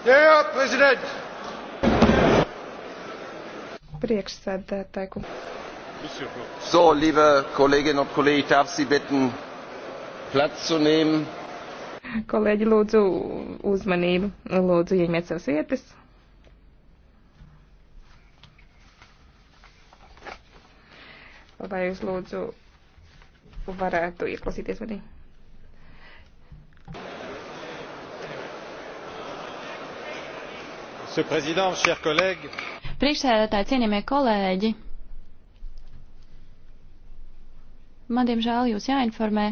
Jā, prezident! Priekšsēdētāju. So, liebe Kolleginnen und Kollegen, ich darf Sie bitten, Platz zu nehmen. Kolēģi, lūdzu uzmanību, lūdzu ieņemiet savas vietas. Vai jūs lūdzu varētu ieklausīties manī? Priekšsēdētāji, cienījamie kolēģi, man diemžēl jūs jāinformē,